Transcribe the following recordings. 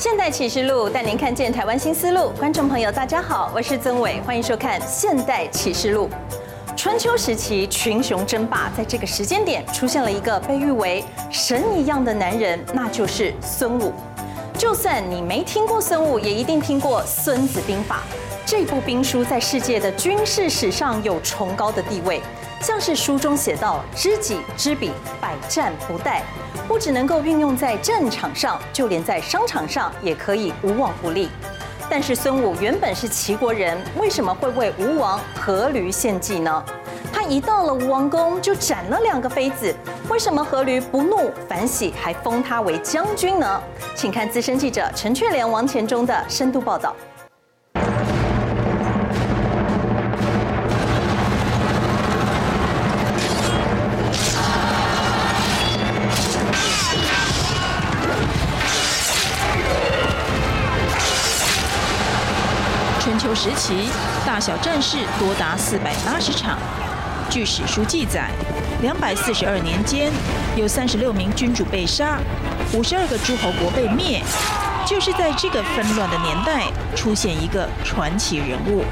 現代啟示錄帶您看見台灣新思路。觀眾朋友，大家好，我是曾偉，歡迎收看《現代啟示錄》。春秋時期群雄爭霸，在這個時間點出現了一個被譽為神一樣的男人，那就是孫武。就算你沒聽過孫武，也一定聽過《孫子兵法》這部兵書，在世界的軍事史上有崇高的地位。像是書中寫道“知己知彼，百戰不殆”，不只能夠運用在戰場上，就連在商場上也可以無往不利。但是孫武原本是齊國人，為什麼會為吳王闔閭獻計呢？他一到了吳王宮就斬了兩個妃子，為什麼闔閭不怒反喜，還封他為將軍呢？請看資深記者陳雀蓮、王乾中的深度報道。時期，大小戰事多達四百八十場。據史書記載，兩百四十二年間，有三十六名君主被殺，五十二個諸侯國被滅。就是在這個紛亂的年代，出現一個傳奇人物。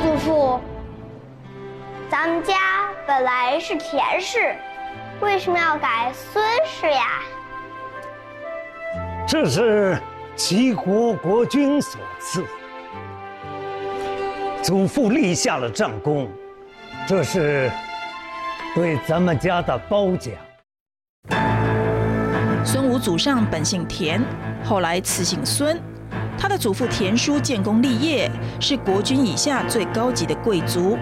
祖父，咱們家本來是田氏。為什麼要改孫氏呀？這是齊國國君所賜，祖父立下了戰功，這是對咱們家的褒獎。孫武祖上本姓田，後來賜姓孫，他的祖父田書建功立業，是國君以下最高級的貴族。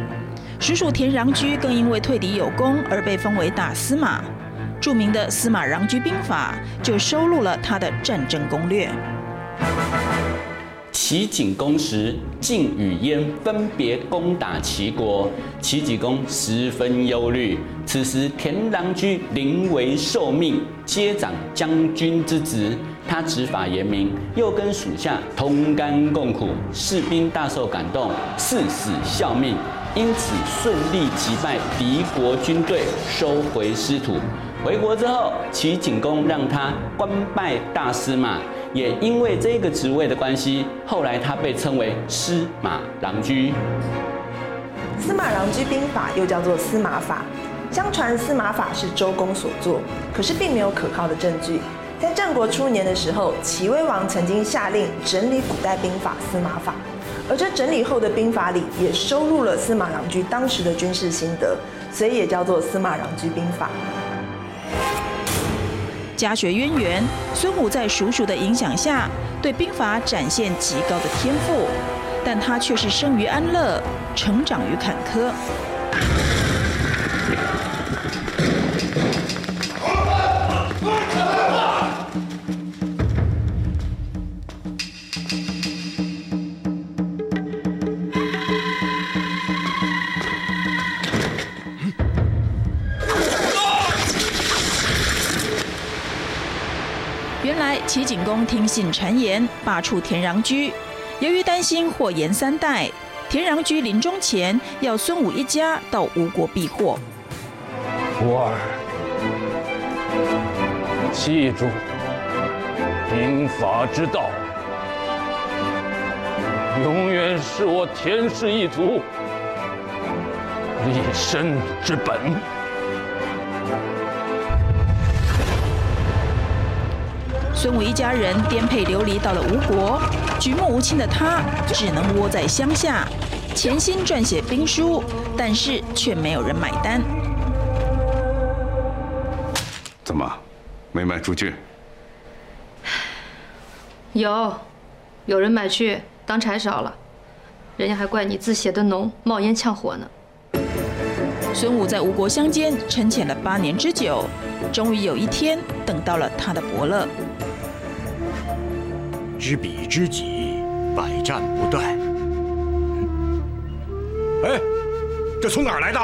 實屬田穰苴，更因為退敵有功而被封為大司馬。著名的《司馬穰苴兵法》就收錄了他的戰爭攻略。齊景公時，晉與燕分別攻打齊國，齊景公十分憂慮。此時，田穰苴臨危受命，接掌將軍之職。他執法嚴明，又跟屬下同甘共苦，士兵大受感動，誓死效命。因此順利擊敗敵國軍隊，收回失土。回國之後，齊景公讓他官拜大司馬，也因為這個職位的關係，後來他被稱為司馬穰苴。司馬穰苴兵法又叫做司馬法，相傳司馬法是周公所作，可是並沒有可靠的證據。在戰國初年的時候，齊威王曾經下令整理古代兵法《司馬法》。而這整理後的兵法裡也收錄了司馬穰苴當時的軍事心得，所以也叫做司馬穰苴兵法。家學淵源，孫武在叔叔的影響下，對兵法展現極高的天賦，但他卻是生於安樂，成長於坎坷。齊景公聽信讒言，罷黜田穰苴。由於擔心禍延三代，田穰苴臨終前要孫武一家到吳國避禍。吾兒，記住，兵法之道，永遠是我田氏一族立身之本。孫武一家人顛沛流離到了吳國，舉目無親的他只能窩在鄉下，潛心撰寫兵書，但是卻沒有人買單。怎麼，沒賣出去？有，有人買去當柴燒了，人家還怪你字寫的濃，冒煙嗆火呢。孫武在吳國鄉間沉潛了八年之久，終於有一天等到了他的伯樂。知彼知己，之之百戰不殆。哎，這從哪兒來的？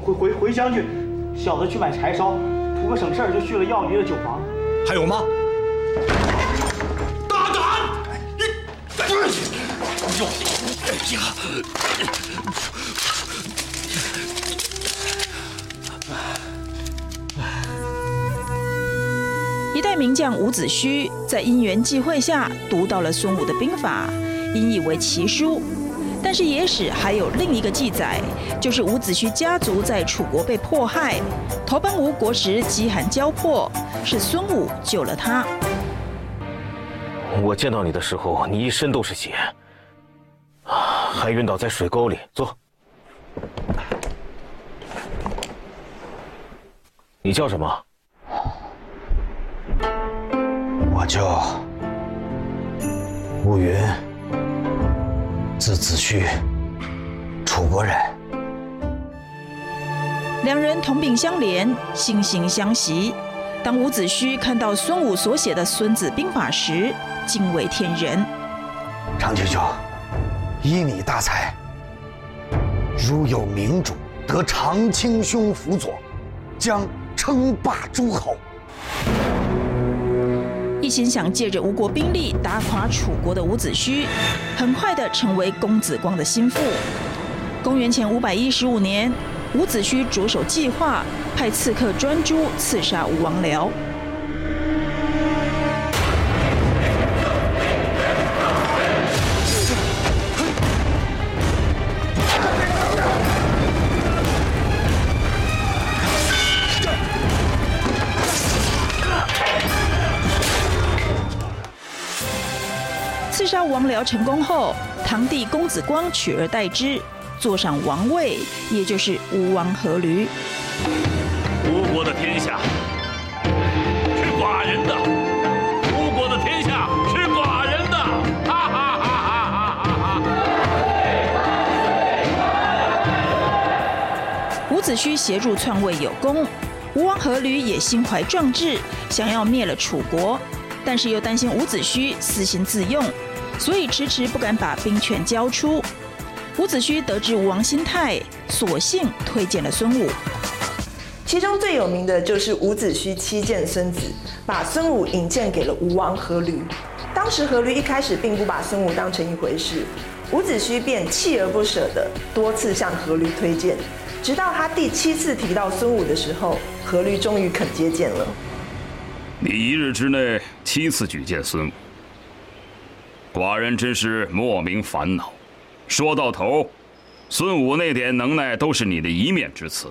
回回回將軍，小的去買柴燒，圖個省事兒，就去了藥魚的酒房。還有嗎？大膽！你不是你，哎呀！一代名將伍子胥在因緣際會下讀到了孫武的兵法，引以為奇書。但是野史還有另一個記載，就是伍子胥家族在楚國被迫害，投奔吳國時飢寒交迫，是孫武救了他。我見到你的時候，你一身都是血，還暈倒在水溝裡。坐。你叫什麼？我叫伍員，字子胥，楚國人。兩人同病相憐，惺惺相惜。當伍子胥看到孫武所寫的《孫子兵法》時，驚為天人。長卿兄，兄，依你大才，如有明主，得長卿兄輔佐，將稱霸諸侯。一心想借着吳國兵力打垮楚國的伍子胥，很快的成為公子光的心腹。公元前五百一十五年，伍子胥着手計劃，派刺客專諸刺殺吳王僚。聊成功後，堂弟公子光取而代之，坐上王位，也就是吳王闔閭。吳國的天下是寡人的。吳國的天下是寡人的。哈哈哈哈哈哈！伍、啊啊啊啊、子胥協助篡位有功，吳王闔閭也心懷壯志，想要滅了楚國，但是又擔心伍子胥私心自用。所以遲遲不敢把兵權交出。伍子胥得知吳王心態，索性推薦了孫武。其中最有名的就是伍子胥七薦孫子，把孫武引薦給了吳王闔閭。當時闔閭一開始並不把孫武當成一回事，伍子胥便鍥而不捨地多次向闔閭推薦，直到他第七次提到孫武的時候，闔閭終於肯接見了。你一日之內七次舉薦孫武。寡人真是莫名煩惱，說到頭，孫武那點能耐都是你的一面之詞。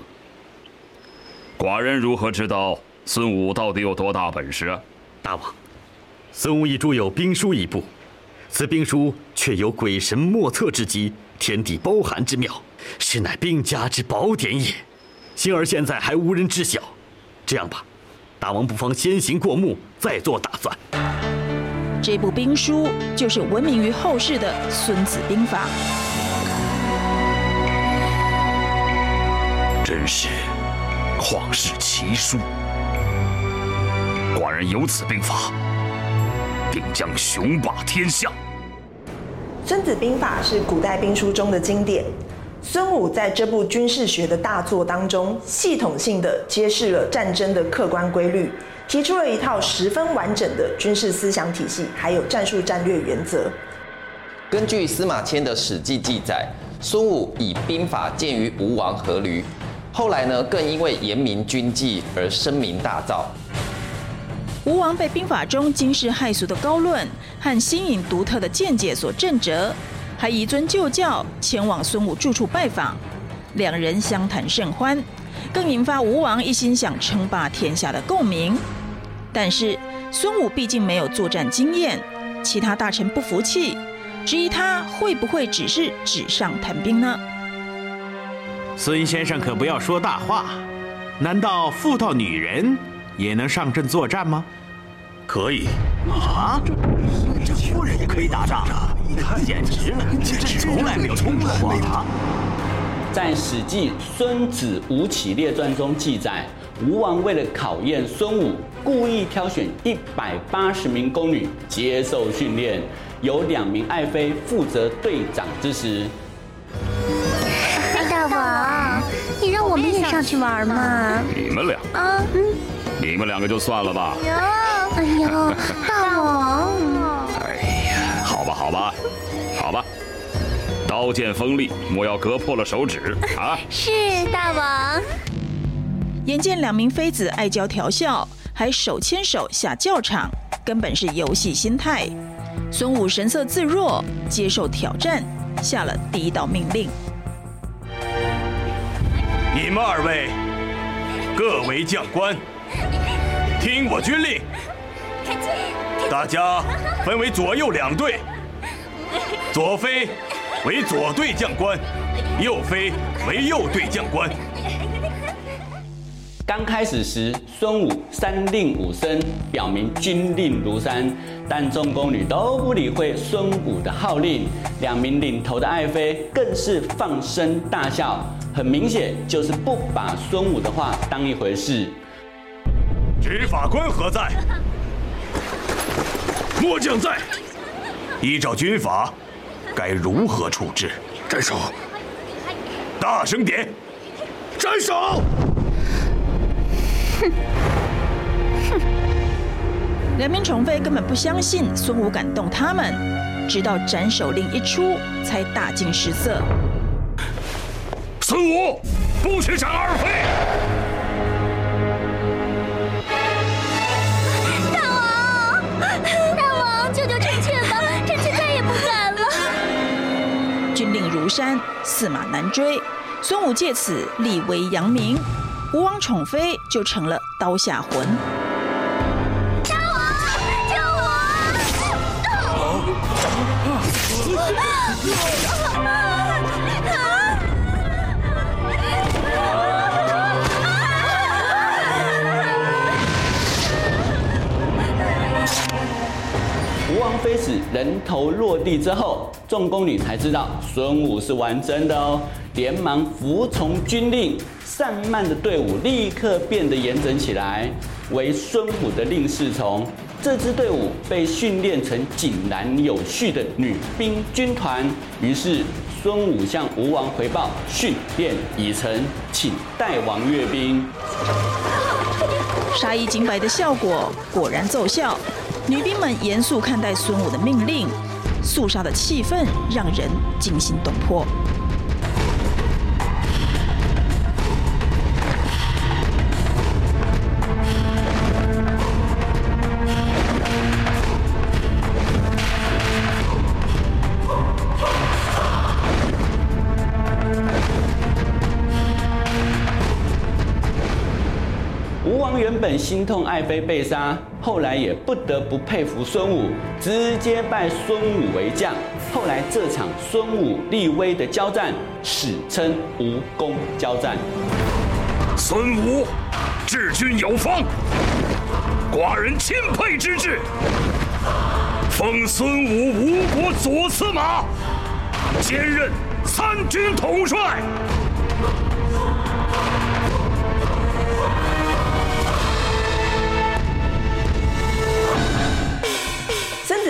寡人如何知道孫武到底有多大本事啊？大王，孫武已著有兵書一部，此兵書卻有鬼神莫測之機，天地包含之妙，實乃兵家之寶典也。幸而現在還無人知曉。這樣吧，大王不妨先行過目，再做打算。這部兵書就是聞名於後世的《孫子兵法》，真是曠世奇書。寡人有此兵法，定將雄霸天下。《孫子兵法》是古代兵書中的經典。孫武在這部軍事學的大作當中，系統性的揭示了戰爭的客觀規律，提出了一套十分完整的軍事思想體系，還有戰術戰略原則。根據司馬遷的《史記》記載，孫武以兵法見於吳王闔閭，後來呢，更因為嚴明軍紀而聲名大噪。吳王被兵法中驚世駭俗的高論和新穎獨特的見解所震懾。還移尊就教前往孫武住處拜訪，兩人相談甚歡，更引發吳王一心想稱霸天下的共鳴。但是孫武畢竟沒有作戰經驗，其他大臣不服氣，質疑他會不會只是紙上談兵呢？孫先生可不要說大話，難道婦道女人也能上陣作戰嗎？可以。啊？夫人也可以打仗，簡直了！簡直從來沒有衝過他。在《史記·孫子吳起列傳》中記載，吳王為了考驗孫武，故意挑選一百八十名宮女接受訓練，由兩名愛妃負責隊長之職。大王，你讓我們也上去玩嘛？你們倆啊，嗯、你們兩個就算了吧。哎呦，大王。刀劍鋒利，莫要割破了手指啊！是大王。眼見兩名妃子愛嬌調笑，還手牽手下教場，根本是遊戲心態。孫武神色自若，接受挑戰，下了第一道命令：你們二位各為將官，聽我軍令。大家分為左右兩隊，左妃。為左隊將官，右妃為右隊將官。剛開始時，孫武三令五申，表明軍令如山，但眾宮女都不理會孫武的號令，兩名領頭的愛妃更是放聲大笑，很明顯就是不把孫武的話當一回事。執法官何在？末將在，依照軍法，該如何處置？斬首！大聲點！斬首！哼，哼！兩名寵妃根本不相信孫武敢動他們，直到斬首令一出，才大驚失色。孫武，不許斬二妃！山駟馬難追，孫武借此立威揚名，吳王寵妃就成了刀下魂。救我！救我！ 吳王妃子人頭落地之後，眾宮女才知道孫武是玩真的哦，連忙服從軍令，散漫的隊伍立刻變得嚴整起來。為孫武的令侍從，這支隊伍被訓練成井然有序的女兵軍團。於是孫武向吳王回報：訓練已成，請大王閱兵。殺一儆百的效果果然奏效。女兵們嚴肅看待孫武的命令，肅殺的氣氛讓人驚心動魄。原本心痛愛妃被殺，後來也不得不佩服孫武，直接拜孫武為將。後來這場孫武立威的交戰，史稱吳宮教戰。孫武治軍有方，寡人欽佩之至，封孫武吳國左司馬，兼任三軍統帥。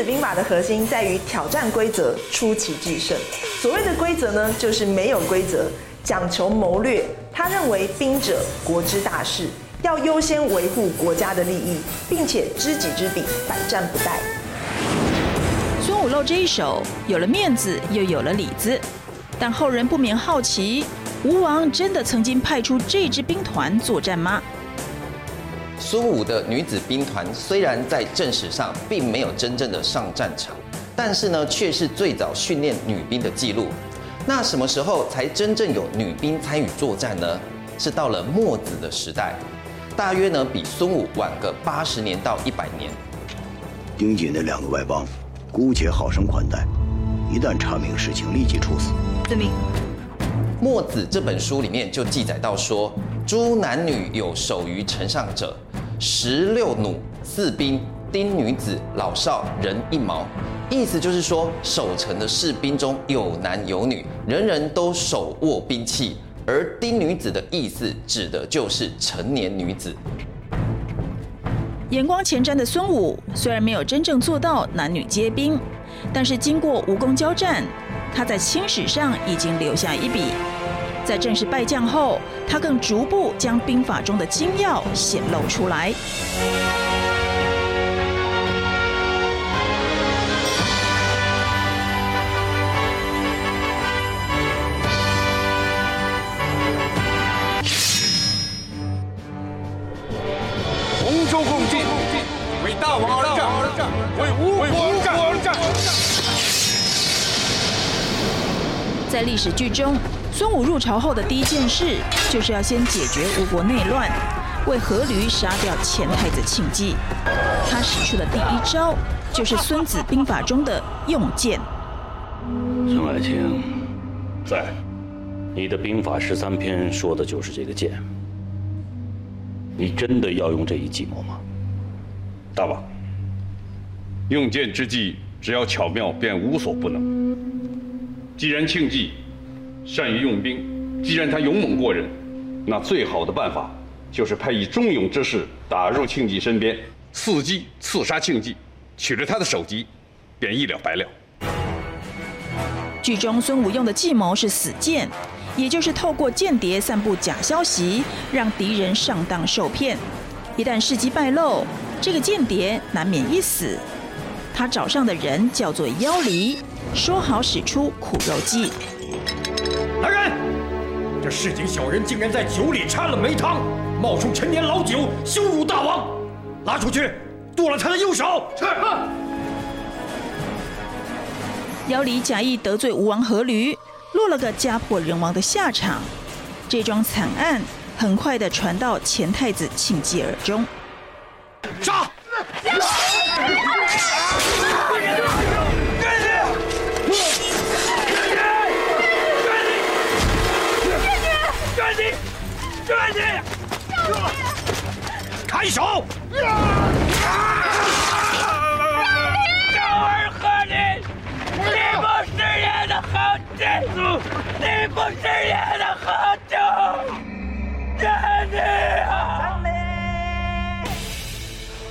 兵法的核心在於挑戰規則，出奇制勝。所謂的規則呢，就是沒有規則，講求謀略。他認為兵者，國之大事，要優先維護國家的利益，並且知己知彼，百戰不殆。孫武露這一手，有了面子，又有了裡子。但後人不免好奇，吳王真的曾經派出這支兵團作戰嗎？孫武的女子兵團雖然在正史上並沒有真正的上戰場，但是呢，却是最早訓練女兵的記錄。那什麼時候才真正有女兵參與作戰呢？是到了墨子的時代，大約呢比孫武晚個八十年到一百年。盯緊那兩個外邦，姑且好生款待，一旦查明事情，立即處死。遵命。墨子這本書裡面就記載到說：諸男女有守於城上者。十六弩四兵丁女子老少人一矛。意思就是說，守城的士兵中有男有女，人人都手握兵器，而丁女子的意思指的就是成年女子。眼光前瞻的孫武雖然沒有真正做到男女皆兵，但是經過吳宮教戰，他在青史上已經留下一筆。在正式拜將後，他更逐步將兵法中的精要顯露出來。同舟共濟，為大王而戰，為吳國而戰。在歷史劇中。孫武入朝後的第一件事，就是要先解決吳國內亂，為闔閭殺掉前太子慶忌。他使出的第一招，就是《孫子兵法》中的用間。孫愛卿，在你的兵法十三篇，說的就是這個間。你真的要用這一計謀嗎？大王吧，用間之計，只要巧妙，便無所不能。既然慶忌。善於用兵，既然他勇猛過人，那最好的辦法就是派一忠勇之士打入慶忌身邊，伺機刺殺慶忌，取了他的首級，便一了百了。劇中孫武用的計謀是死間，也就是透過間諜散布假消息，讓敵人上當受騙。一旦事機敗露，這個間諜難免一死。他找上的人叫做要離，說好使出苦肉計。來人！這市井小人竟然在酒裡摻了梅湯，冒充陳年老酒，羞辱大王，拉出去，剁了他的右手。是。要離假意得罪吳王闔閭，落了個家破人亡的下場。這樁慘案很快的傳到前太子慶忌耳中。殺！啊啊抬手！妖兒和你，你不食言的好弟叔，你不食言的好舅，爹地啊！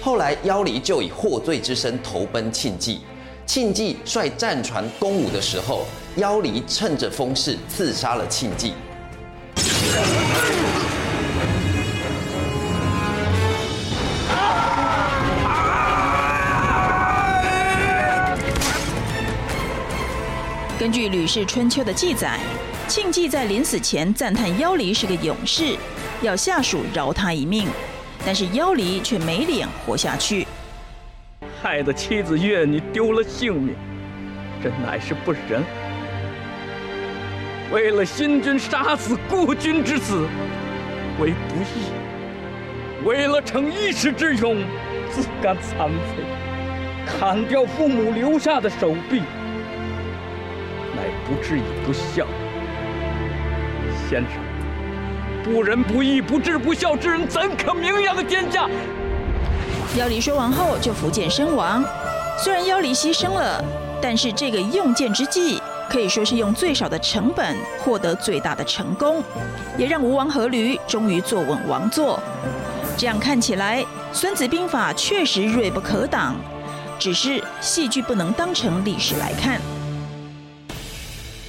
後來要離就以獲罪之身投奔慶忌，慶忌率戰，戰船攻吳的時候，要離趁着風勢刺殺了慶忌。根據《呂氏春秋》的記載，慶忌在臨死前讚嘆要離是個勇士，要下屬饒他一命。但是要離却沒臉活下去，害得妻子、兒女丟了性命，這乃是不仁。為了新君殺死故君之子，為不義；為了逞一時之勇，自甘殘廢，砍掉父母留下的手臂。不智也不孝，先生，不仁不義、不智不孝之人，怎可名揚天下？要離說完後就伏劍身亡。雖然要離犧牲了，但是這個用劍之計可以說是用最少的成本獲得最大的成功，也讓吳王闔閭終於坐穩王座。這樣看起來，《孫子兵法》確實銳不可擋。只是戲劇不能當成歷史來看。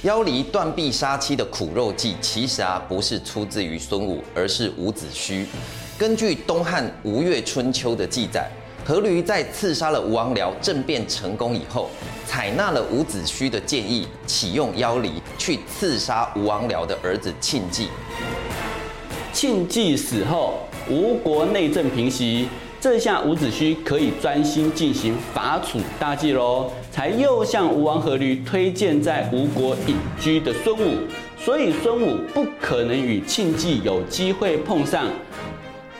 要離斷臂殺妻的苦肉計，其實啊，不是出自於孫武，而是伍子胥。根據東漢《吳越春秋》的記載，闔閭在刺殺了吳王僚，政變成功以後，採納了伍子胥的建議，啟用要離去刺殺吳王僚的兒子慶忌。慶忌死後，吳國內政平息。這下伍子胥可以專心進行伐楚大計嘍，才又向吳王闔閭推薦在吳國隱居的孫武，所以孫武不可能與慶忌有機會碰上。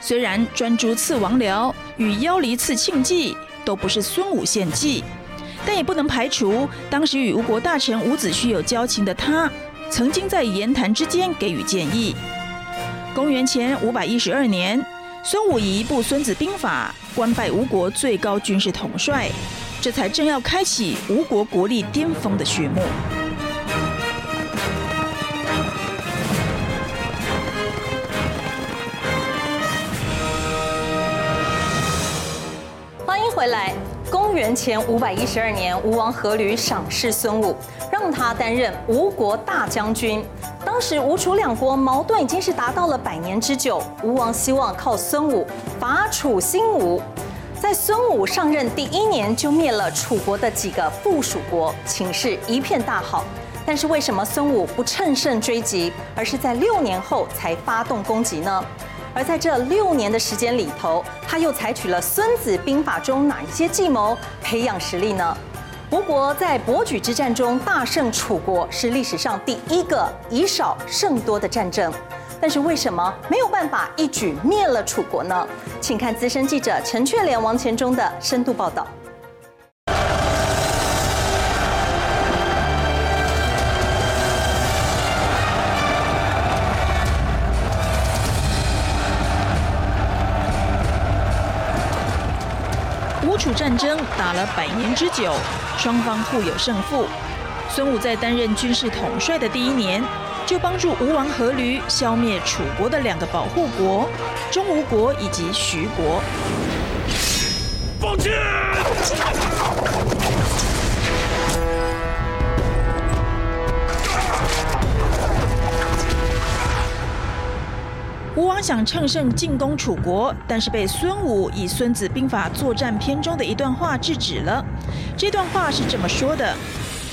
雖然專諸刺王僚與要離刺慶忌都不是孫武獻計，但也不能排除當時與吳國大臣伍子胥有交情的他，曾經在言談之間給予建議。公元前五百一十二年。孫武一部《孫子兵法》，官拜吳國最高軍事統帥，這才正要開啟吳國國力巔峰的序幕。歡迎回來。公元前五百一十二年，吳王闔閭賞識孫武，讓他擔任吳國大將軍。當時吳楚兩國矛盾已經是達到了百年之久，吳王希望靠孫武伐楚興吳。在孫武上任第一年就滅了楚國的幾個附屬國，情勢一片大好。但是為什麼孫武不趁勝追擊，而是在六年後才發動攻擊呢？而在這六年的時間裡頭，他又採取了《孫子兵法》中哪一些計謀培養實力呢？吳國在柏舉之戰中大勝楚國，是歷史上第一個以少勝多的戰爭。但是為什麼沒有辦法一舉滅了楚國呢？請看資深記者陳雀蓮、王乾中的深度報道戰爭打了百年之久，雙方互有勝負。孫武在擔任軍事統帥的第一年，就幫助吳王闔閭消滅楚國的兩個保護國，鍾吾國以及徐國。放箭！吳王想乘勝進攻楚國，但是被孫武以《孫子兵法·作戰篇》中的一段話制止了。這段話是這麼說的：“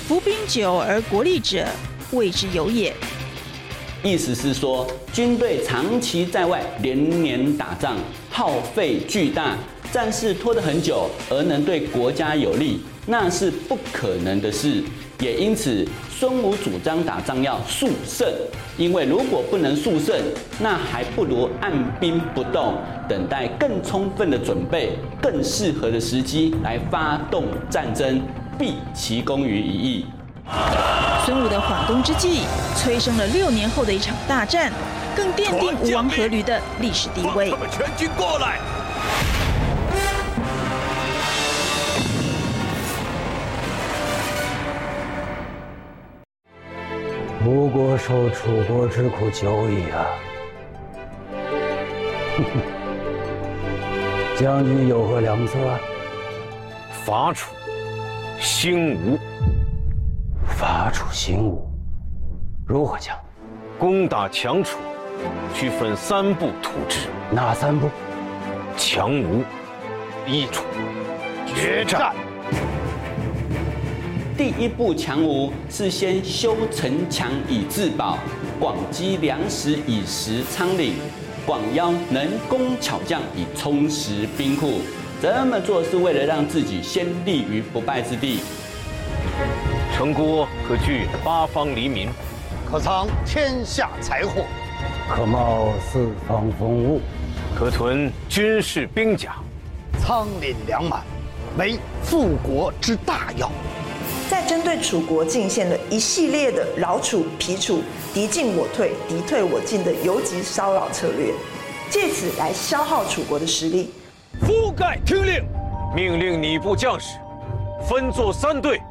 夫兵久而國利者，未之有也。”意思是說，軍隊長期在外，連年打仗，耗費巨大，戰事拖得很久，而能對國家有利，那是不可能的事。也因此，孫武主張打仗要速勝，因為如果不能速勝，那還不如按兵不動，等待更充分的準備、更適合的時機來發動戰爭，畢其功於一役。孫武的緩攻之計催生了六年後的一場大戰，更奠定吳王闔閭的歷史地位。他們全軍過來。吳國受楚國之苦久矣啊！ 將軍有何良策啊？伐楚，興吳。伐楚興吳，如何講？攻打強楚，需分三步圖之。哪三步？強吳，一楚，決戰。決戰第一步強吳是先修城牆以自保，廣積糧食以實倉廩，廣邀能工巧匠以充實兵庫。這麼做是為了讓自己先立於不敗之地。城郭可聚八方黎民，可藏天下財貨，可貿四方風物，可屯軍事兵甲，倉廪糧滿，為富國之大要。在針對楚國進獻了一系列的擾楚、疲楚、敵進我退、敵退我進的游擊騷擾策略，借此來消耗楚國的實力。夫概聽令，命令你部將士分作三隊，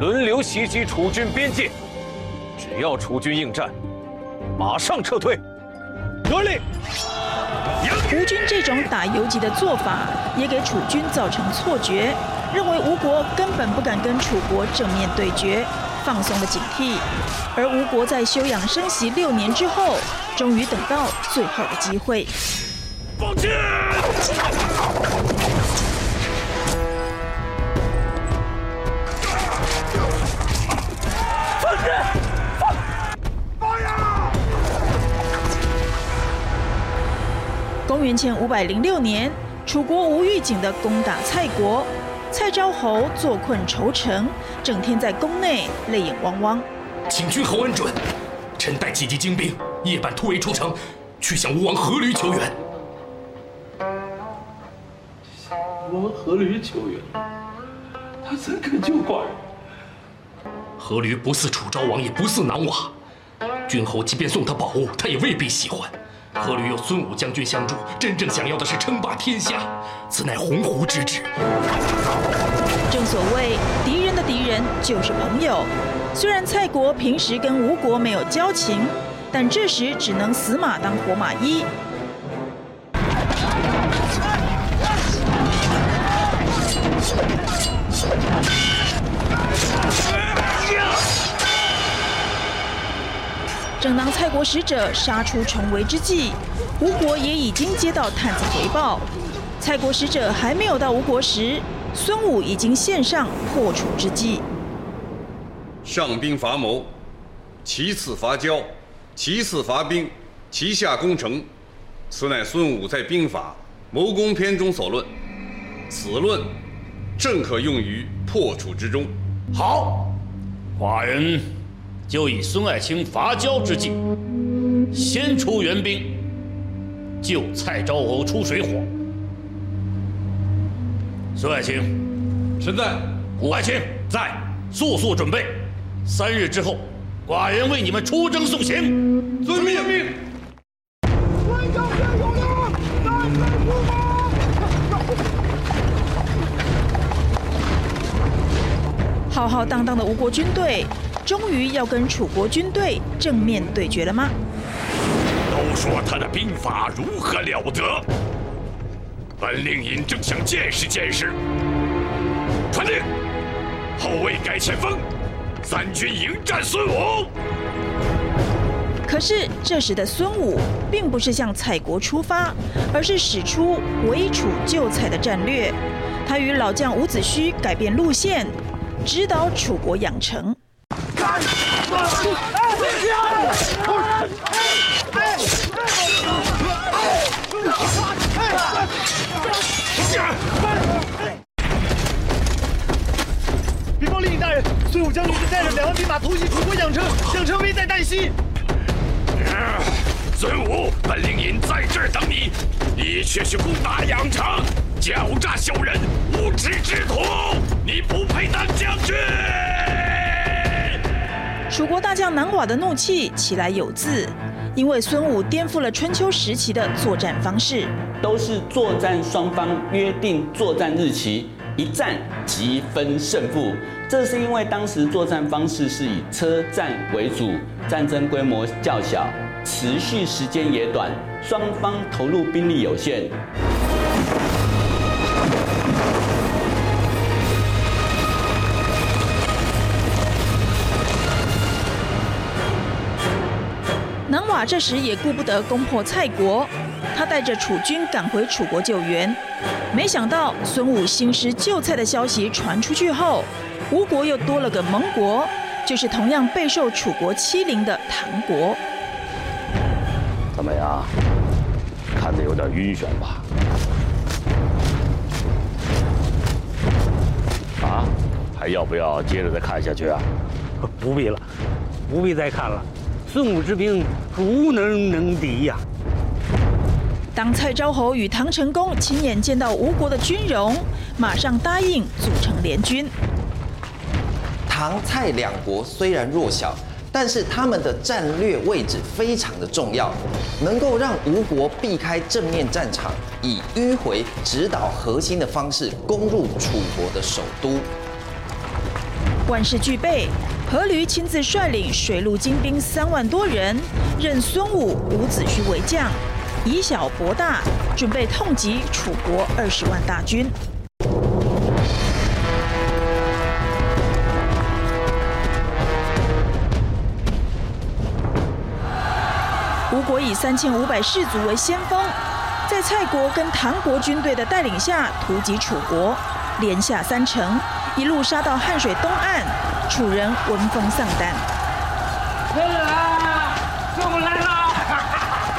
輪流襲擊楚軍邊界。只要楚軍應戰，馬上撤退。得令。吳軍這種打游擊的做法，也給楚軍造成錯覺。認為吳國根本不敢跟楚國正面對決，放鬆了警惕，而吳國在休養生息六年之後，終於等到最後的機會。放箭！放箭！放箭！公元前五百零六年，楚國無預警的攻打蔡國。蔡昭侯坐困愁城，整天在宮內淚眼汪汪。請君侯恩准，臣帶幾級精兵，夜半突圍出城，去向吳王闔閭求援。向吳王闔閭求援，他怎肯救寡人？闔閭不似楚昭王，也不似囊瓦。君侯即便送他寶物，他也未必喜歡。闔閭有孫武將軍相助，真正想要的是稱霸天下，此乃鴻鵠之志。正所謂，敵人的敵人就是朋友。雖然蔡國平時跟吳國沒有交情，但這時只能死馬當活馬醫。正當蔡國使者殺出重圍之際，吳國也已經接到探子回報，蔡國使者還沒有到吳國時，孫武已經獻上破楚之計。上兵伐謀，其次伐交，其次伐兵，其下攻城，此乃孫武在《兵法·謀攻篇》中所論，此論正可用於破楚之中。好，寡人。就以孫愛卿伐交之計，先出援兵，救蔡昭侯出水火。孫愛卿，臣在。胡愛卿在，速速準備。三日之後，寡人為你們出征送行。遵命。遵命。萬眾英雄，再出發。浩浩蕩荡的吳國軍隊。終於要跟楚國軍隊正面對決了嗎？都說他的兵法如何了得，本令尹正想見識見識。傳令，後衛改前鋒，三軍迎戰孫武。可是這時的孫武並不是向蔡國出發，而是使出圍楚救蔡的戰略。他與老將伍子胥改變路線，直搗楚國養城。別慌！令尹大人，孫武將軍正帶着兩萬兵馬偷襲楚國養城，養城危在旦夕。孫武，本令尹在這兒等你，你卻去攻打養城，狡詐小人，無恥之徒，你不配當將軍！楚國大將南瓦的怒氣起來有自，因為孫武顛覆了春秋時期的作戰方式，都是作戰雙方約定作戰日期，一戰即分勝負。這是因為當時作戰方式是以車戰為主，戰爭規模較小，持續時間也短，雙方投入兵力有限。這時也顧不得攻破蔡國，他帶着楚軍趕回楚國救援。沒想到孫武興師救蔡的消息傳出去後，吳國又多了個盟國，就是同樣備受楚國欺凌的唐國。怎麼樣？看得有點暈眩吧？啊？還要不要接着再看下去啊？不必了，不必再看了。孫武之兵，孰能能敵呀？當蔡昭侯與唐成公親眼見到吳國的軍容，馬上答應組成聯軍。唐蔡兩國雖然弱小，但是他們的戰略位置非常的重要，能夠讓吳國避開正面戰場，以迂回、直搗核心的方式攻入楚國的首都。萬事俱備。闔閭親自率領水陸精兵三萬多人，任孫武，武、伍子胥為將，以小博大，準備痛擊楚國二十萬大軍。吳國以三千五百士卒為先鋒，在蔡國跟唐國軍隊的帶領下突擊楚國，連下三城，一路殺到漢水東岸。楚人聞風喪膽。孫武來了孫武來了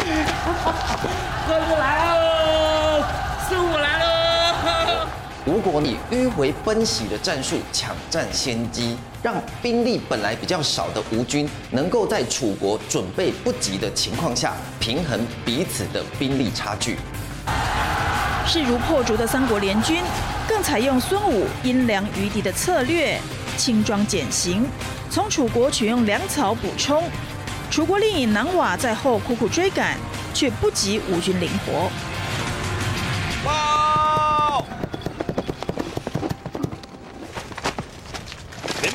孫武來了孫武來了如果你迂迴奔襲的戰術搶占先機，讓兵力本來比較少的吳軍能夠在楚國準備不及的情況下平衡彼此的兵力差距。勢如破竹的三國聯軍更採用孫武因糧於敵的策略。輕裝簡行，從楚國取用糧草補充。楚國令尹囊瓦在後苦苦追趕，卻不及吳軍靈活。報，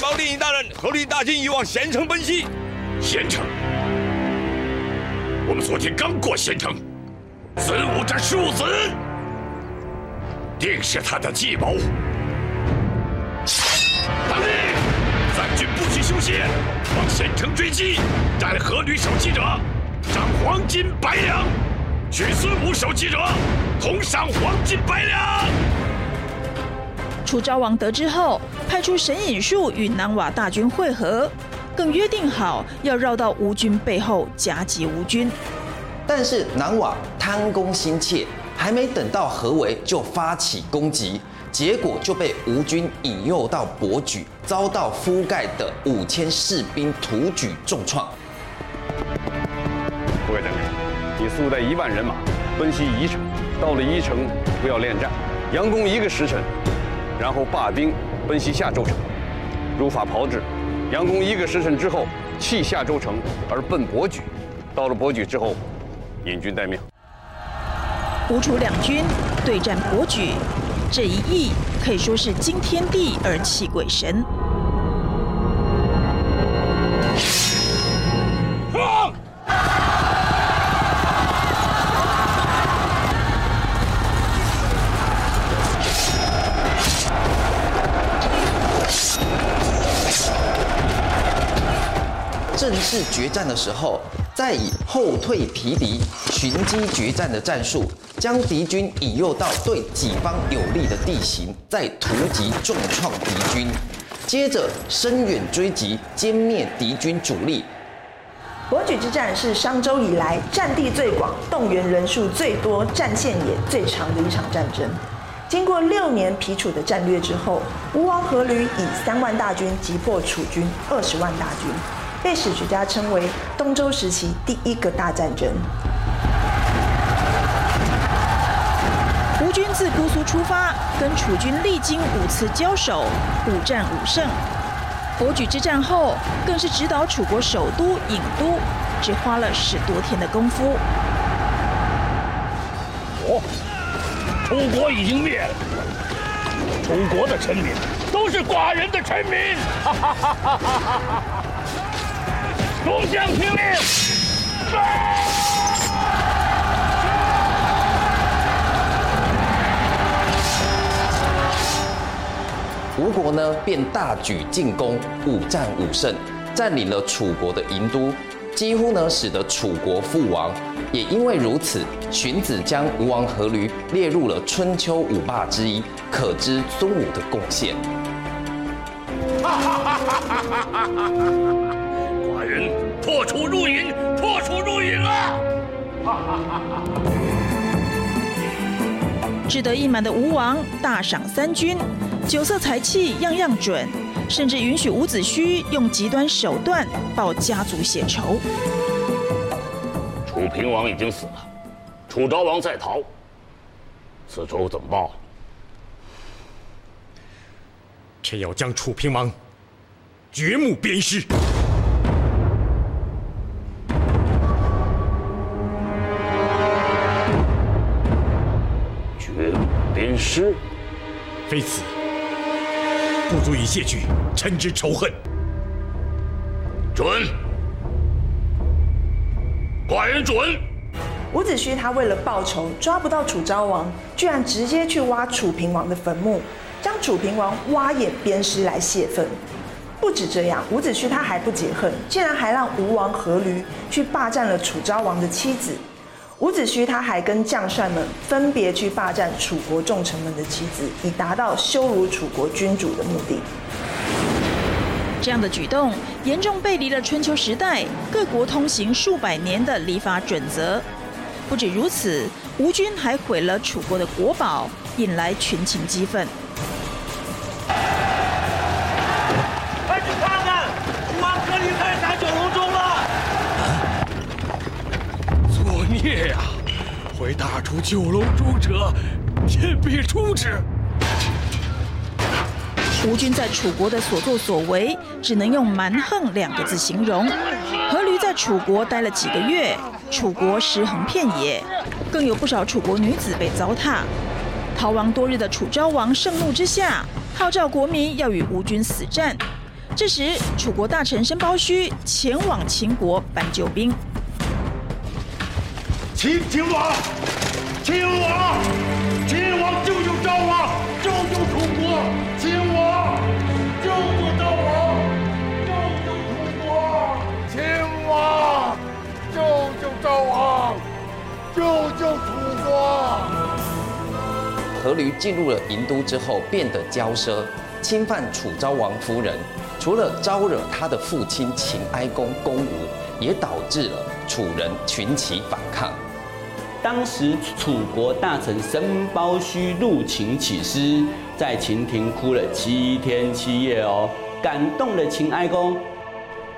報令尹大人，闔閭大軍已往咸城奔襲。咸城，我們昨天剛過咸城。孫武這豎子，定是他的計謀。軍不許休息，往縣城追擊。斬闔閭守旗者，賞黃金百兩；取孫武守旗者，同賞黃金百兩。楚昭王得知後，派出沈尹戍與囊瓦大軍會合，更約定好要繞到吳軍背後夾擊吳軍。但是囊瓦貪功心切，還沒等到合圍就發起攻擊。結果就被吳軍引誘到柏舉，遭到夫概的五千士兵突擊重創。諸位將軍，你速帶一萬人馬奔襲宜城，到了宜城不要戀戰，佯攻一個時辰，然後罷兵奔襲下州城，如法炮制，佯攻一個時辰之後棄下州城而奔柏舉，到了柏舉之後引軍待命。吳楚兩軍對戰柏舉。這一役可以說是驚天地而泣鬼神。正式決戰的時候。再以後退疲敵、尋機決戰的戰術，將敵軍引誘到對己方有利的地形，再突擊重創敵軍，接着深遠追擊，殲滅敵軍主力。柏舉之戰是商周以來戰地最廣、動員人數最多、戰線也最長的一場戰爭。經過六年疲楚的戰略之後，吳王闔閭以三萬大軍擊破楚軍二十萬大軍。被史學家稱為東周時期第一個大戰爭。吳軍自姑蘇出發，跟楚軍歷經五次交手，五戰五勝。柏舉之戰後，更是直搗楚國首都郢都，只花了十多天的功夫。哦，楚國已經滅了，楚國的臣民都是寡人的臣民。 丞相聽命。吳國呢，便大舉進攻，五戰五勝，佔領了楚國的郢都，幾乎呢使得楚國覆亡。也因為如此，荀子將吳王闔閭列入了春秋五霸之一，可知孫武的貢獻。 破楚入郢，破楚入郢啊。志、啊、得意滿的吳王大賞三軍，酒色財氣樣樣準，甚至允許伍子胥用極端手段報家族血仇。楚平王已經死了，楚昭王在逃，此仇怎麼報、啊？臣要將楚平王掘墓鞭屍。是，非此不足以泄去臣之仇恨。準，寡人準。伍子胥他為了報仇，抓不到楚昭王，居然直接去挖楚平王的墳墓，將楚平王挖眼鞭屍來泄憤。不止這樣，伍子胥他還不解恨，竟然還讓吳王闔閭去霸占了楚昭王的妻子。伍子胥他還跟將帥們分別去霸占楚國重臣們的妻子，以達到羞辱楚國君主的目的。這樣的舉動嚴重背離了春秋時代各國通行數百年的禮法準則。不止如此，吳軍還毀了楚國的國寶，引來群情激憤。回呀！毀大楚九龍珠者，劍必出之。吳軍在楚國的所作所為，只能用蠻橫兩個字形容。闔閭在楚國待了幾個月，楚國屍橫遍野，更有不少楚國女子被糟蹋。逃亡多日的楚昭王盛怒之下，號召國民要與吳軍死戰。這時，楚國大臣申包胥前往秦國搬救兵。秦秦王，秦王，秦王，救救昭王，救救楚國！秦王，救救昭王，救救楚國！秦王，救救昭王，救救楚國！闔閭進入了郢都之後，變得驕奢，侵犯楚昭王夫人，除了招惹他的父親秦哀公，攻吳，也導致了楚人群起反抗。當時楚國大臣申包胥入秦乞師，在秦庭哭了七天七夜哦，感動了秦哀公。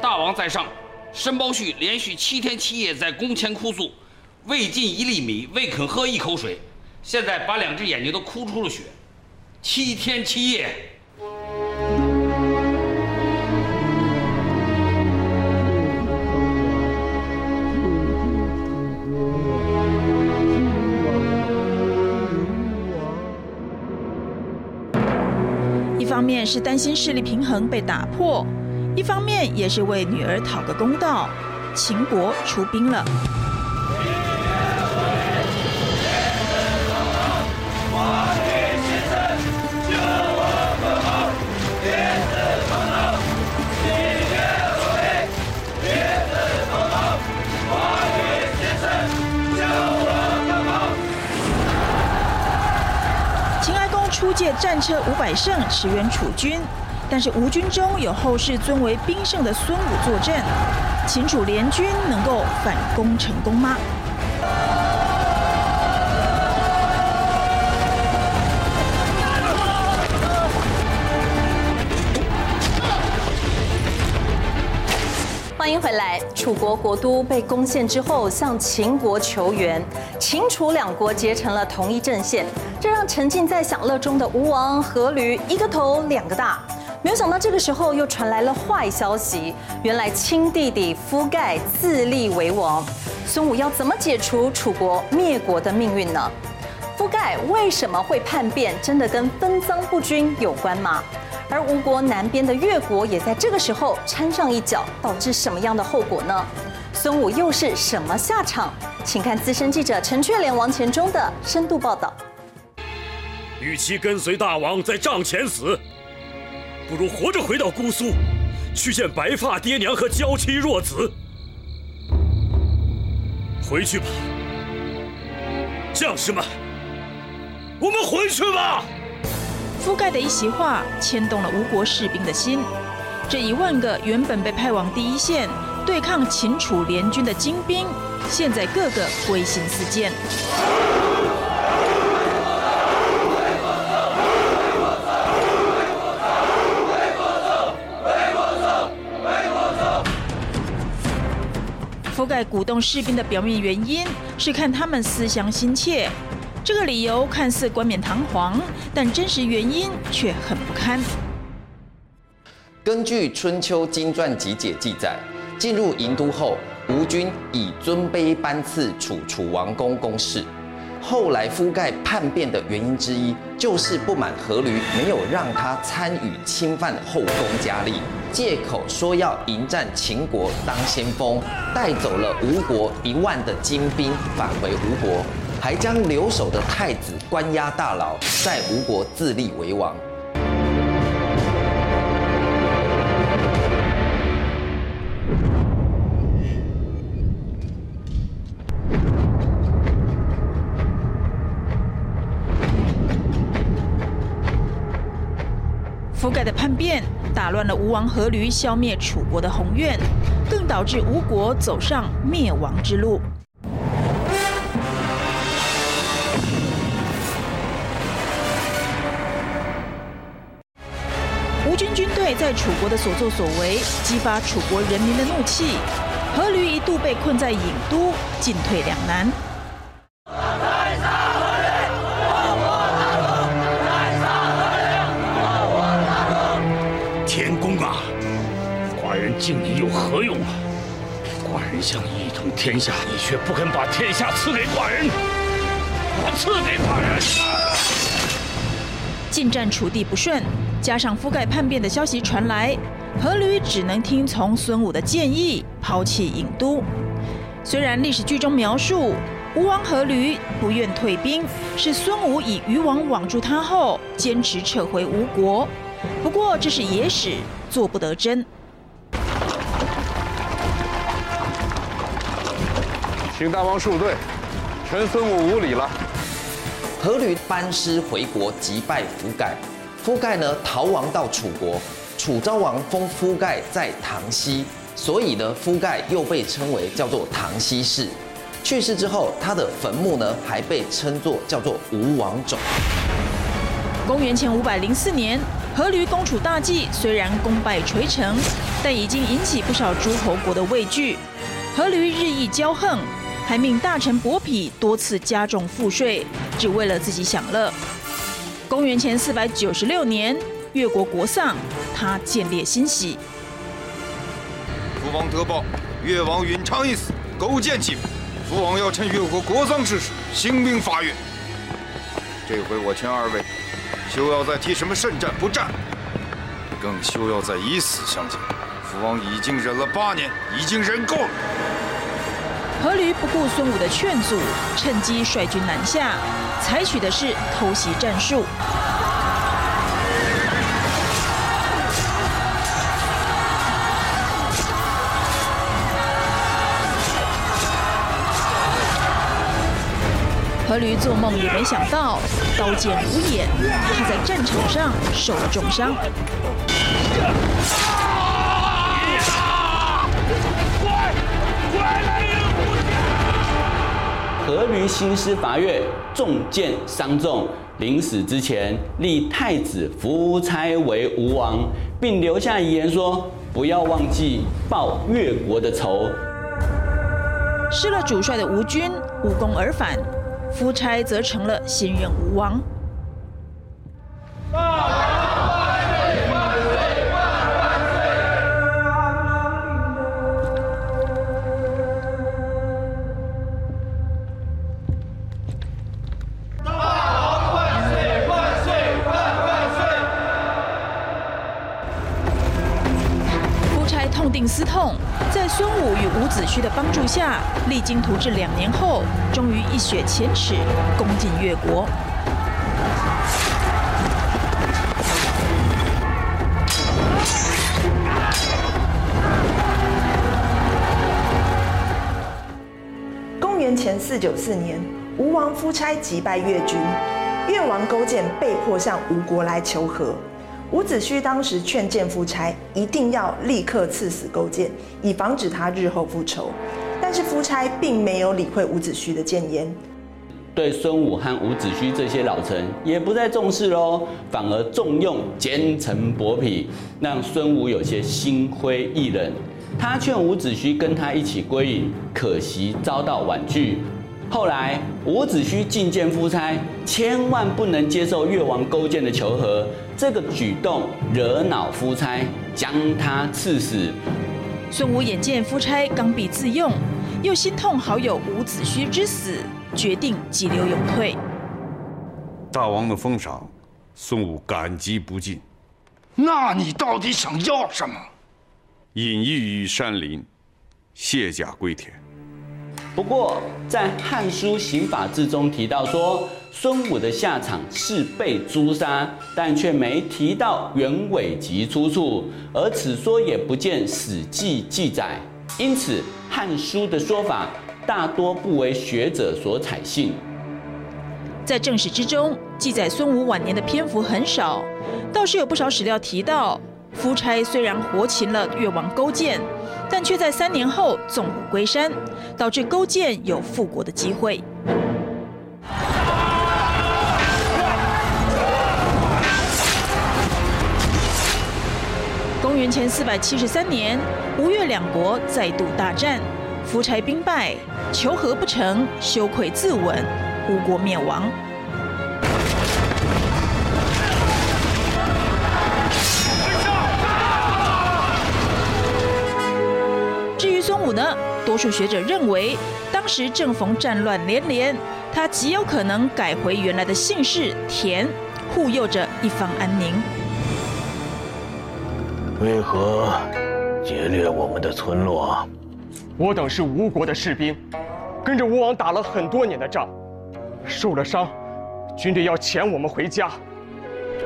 大王在上，申包胥連續七天七夜在宮前哭訴，未進一粒米，未肯喝一口水，現在把兩隻眼睛都哭出了血，七天七夜。是擔心勢力平衡被打破，一方面也是為女兒討個公道，秦國出兵了。出借戰車五百乘馳援楚軍，但是吳軍中有後世尊為兵聖的孫武坐鎮，秦楚聯軍能夠反攻成功嗎？歡迎回來，楚國國都被攻陷之後向秦國求援，秦楚兩國結成了同一陣線。這讓沉浸在享樂中的吳王闔閭一個頭兩個大，沒有想到這個時候又傳來了壞消息。原來親弟弟夫概自立為王，孫武要怎麼解除楚國滅國的命運呢？夫概為什麼會叛變？真的跟分贓不均有關嗎？而吳國南邊的越國也在這個時候摻上一腳，導致什麼樣的後果呢？孫武又是什麼下場？請看資深記者陳雀蓮、王錢中的深度報道。與其跟隨大王在帳前死，不如活着回到姑蘇，去見白髮爹娘和嬌妻弱子。回去吧，將士們，我們回去吧。夫概的一席話牽動了吳國士兵的心，這一萬個原本被派往第一線對抗秦楚聯軍的精兵，現在個個歸心似箭。啊覆蓋鼓動士兵的表面原因是看他們思鄉心切，這個理由看似冠冕堂皇，但真實原因卻很不堪。根據《春秋經傳集解》記載，進入郢都後，吳軍以尊卑班次處楚王宮室。後來，夫概叛變的原因之一，就是不滿闔閭沒有讓他參與侵犯後宮佳麗，借口說要迎戰秦國當先鋒，帶走了吳國一萬的精兵返回吳國，還將留守的太子關押大牢，在吳國自立為王。夫概的叛變打亂了吳王闔閭消滅楚國的宏願，更導致吳國走上滅亡之路。吳軍軍隊在楚國的所作所為，激發楚國人民的怒氣，闔閭一度被困在郢都，進退兩難。想一統天下，你卻不肯把天下賜給寡人，我賜給寡人。進戰處地不順，加上夫概叛變的消息傳來，闔閭只能聽從孫武的建議，拋棄郢都。雖然歷史劇中描述吳王闔閭不願退兵，是孫武以漁網網住他後堅持撤回吳國，不過這是野史，做不得真。請大王恕罪，臣孫武無禮了。闔閭班師回國，擊敗夫概，夫概呢逃亡到楚國，楚昭王封夫概在唐西，所以呢夫概又被稱為叫做唐西氏。去世之後，他的墳墓呢還被稱作叫做吳王冢。公元前五百零四年，闔閭攻楚大計雖然功敗垂成，但已經引起不少諸侯國的畏懼，闔閭日益驕橫。還命大臣伯嚭多次加重賦稅，只為了自己享樂。公元前四百九十六年，越國國喪，他見獵心喜。父王得報，越王允常一死，勾踐繼位。父王要趁越國國喪之時興兵伐越。這回我勸二位，休要再提什麼慎戰不戰，更休要再以死相脅。父王已經忍了八年，已經忍夠了。闔閭不顧孫武的勸阻，趁機率軍南下，採取的是偷襲戰術。闔閭做夢也沒想到，刀劍無眼，他在戰場上受了重傷。闔閭興師伐越，中箭傷重，臨死之前立太子夫差為吳王，並留下遺言說：“不要忘記報越國的仇。”失了主帥的吳軍無功而返，夫差則成了新任吳王。差痛定思痛，在孫武與伍子胥的幫助下，勵精圖治兩年後，終於一雪前恥，攻進越國。公元前四九四年，吳王夫差擊敗越軍，越王勾踐被迫向吳國來求和。伍子胥當時勸諫夫差，一定要立刻賜死勾踐，以防止他日後復仇。但是夫差並沒有理會伍子胥的諫言，對孫武和伍子胥這些老臣也不再重視嘍、哦，反而重用奸臣伯嚭，讓孫武有些心灰意冷。他勸伍子胥跟他一起歸隱，可惜遭到婉拒。後來伍子胥進諫夫差，千萬不能接受越王勾踐的求和。這個舉動惹惱夫差，將他刺死。孫武眼見夫差剛愎自用，又心痛好友伍子胥之死，決定急流勇退。大王的封賞，孫武感激不盡。那你到底想要什麼？隱逸於山林，卸甲歸田。不過，在《漢書刑法志》之中提到說。孫武的下場是被誅殺，但卻沒提到原委及出處，而此說也不見《史記》記載，因此《漢書》的說法大多不為學者所採信。在正史之中，記載孫武晚年的篇幅很少，倒是有不少史料提到，夫差雖然活擒了越王勾踐，但卻在三年後縱虎歸山，導致勾踐有復國的機會。公元前四百七十三年，吳越兩國再度大戰，夫差兵敗，求和不成，羞愧自刎，吳國滅亡。啊啊、至於孫武呢？多數學者認為，當時正逢戰亂連連，他極有可能改回原來的姓氏田，護佑着一方安寧。為何劫掠我們的村落？我等是吳國的士兵，跟着吳王打了很多年的仗，受了傷，軍隊要遣我們回家。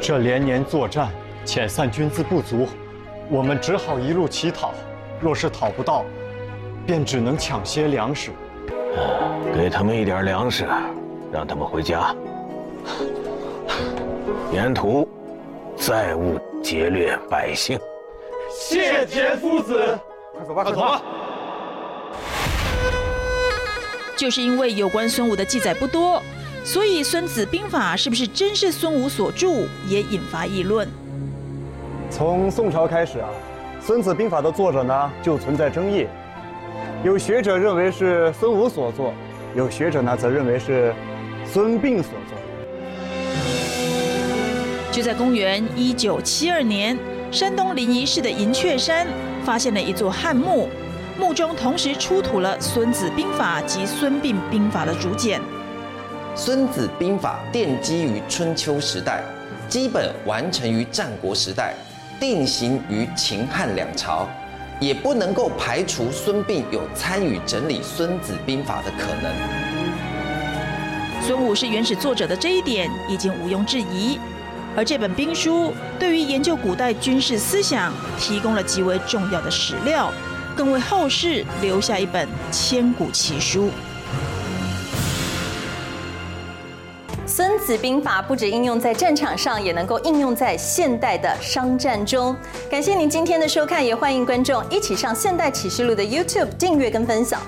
這連年作戰，遣散軍資不足，我們只好一路乞討。若是討不到，便只能搶些糧食。啊，給他們一點糧食，讓他們回家。沿途再勿劫，劫掠百姓。謝田夫子，快走吧，快走吧。就是因為有關孫武的記載不多，所以《孫子兵法》是不是真是孫武所著也引發議論。從宋朝開始啊，《孫子兵法》的作者呢就存在爭議，有學者認為是孫武所作，有學者呢則認為是孫臏所作。就在公元一九七二年。山東臨沂市的銀雀山發現了一座漢墓，墓中同時出土了《孫子兵法》及《孫臏兵法》的竹簡。《孫子兵法》奠基於春秋時代，基本完成於戰國時代，定型於秦漢兩朝，也不能夠排除孫臏有參與整理《孫子兵法》的可能。孫武是原始作者的這一點已經毋庸置疑。而這本兵書對於研究古代軍事思想提供了極為重要的史料，更為後世留下一本千古奇書《孫子兵法》。不止應用在戰場上，也能夠應用在現代的商戰中。感謝您今天的收看，也歡迎觀眾一起上《現代啟示錄》的 YouTube 訂閱跟分享。